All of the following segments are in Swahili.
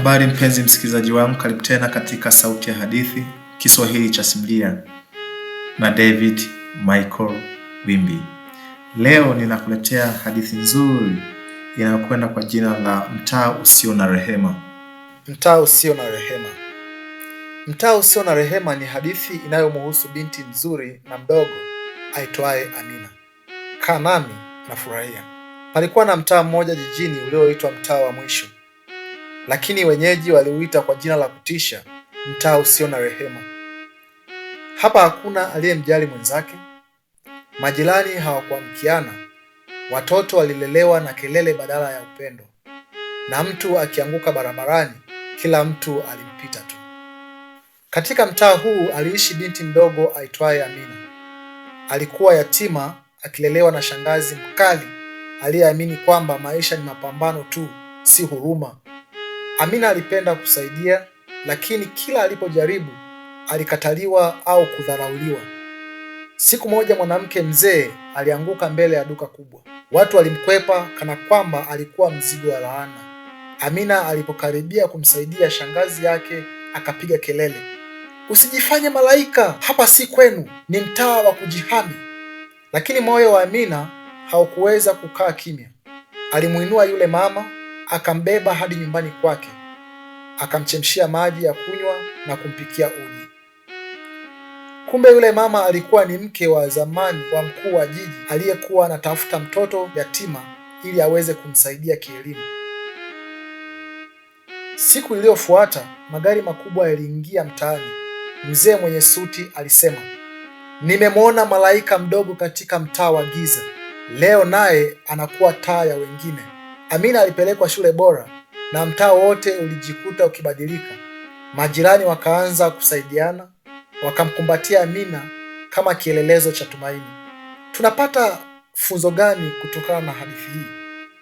Habari mpenzi msikilizaji wangu, karibu tena katika Sauti ya Hadithi Kiswahili cha Simulia na David Michael Wimbi. Leo ninakuletea hadithi nzuri inayokwenda kwa jina la Mtaa Usio na Rehema. Mtaa Usio na Rehema. Mtaa Usio na Rehema ni hadithi inayomuhusu binti nzuri na mdogo aitwaye Amina. Kaa nami nafurahia. Palikuwa na mtaa mmoja jijini ulioitwa Mtaa wa Mwisho lakini wenyeji waliuita kwa jina la kutisha mtaa usio na rehema. Hapa hakuna aliyemjali mwenzake, majirani hawakuamkiana, watoto walilelewa na kelele badala ya upendo, na mtu akianguka barabarani, kila mtu alimpita tu. Katika mtaa huu aliishi binti mdogo aitwaye Amina. Alikuwa yatima akilelewa na shangazi mkali aliyeamini kwamba maisha ni mapambano tu, si huruma Amina alipenda kusaidia, lakini kila alipojaribu alikataliwa au kudharauliwa. Siku moja mwanamke mzee alianguka mbele ya duka kubwa. Watu walimkwepa kana kwamba alikuwa mzigo wa laana. Amina alipokaribia kumsaidia, shangazi yake akapiga kelele, usijifanye malaika, hapa si kwenu, ni mtaa wa kujihami. Lakini moyo wa Amina haukuweza kukaa kimya. Alimuinua yule mama Akambeba hadi nyumbani kwake, akamchemshia maji ya kunywa na kumpikia uji. Kumbe yule mama alikuwa ni mke wa zamani wa mkuu wa jiji aliyekuwa anatafuta mtoto yatima ili aweze kumsaidia kielimu. Siku iliyofuata magari makubwa yaliingia mtaani. Mzee mwenye suti alisema, nimemwona malaika mdogo katika mtaa wa giza, leo naye anakuwa taa ya wengine. Amina alipelekwa shule bora na mtaa wote ulijikuta ukibadilika. Majirani wakaanza kusaidiana, wakamkumbatia Amina kama kielelezo cha tumaini. Tunapata funzo gani kutokana na hadithi hii?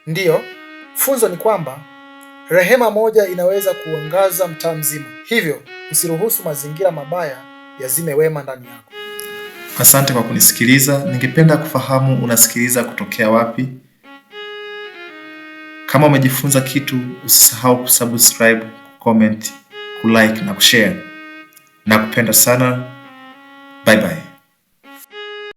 Ndiyo, funzo ni kwamba rehema moja inaweza kuangaza mtaa mzima, hivyo usiruhusu mazingira mabaya yazime wema ndani yako. Asante kwa kunisikiliza. Ningependa kufahamu unasikiliza kutokea wapi? Kama umejifunza kitu, usisahau kusubscribe, kucomment, kulike na kushare. Nakupenda sana. Bye bye.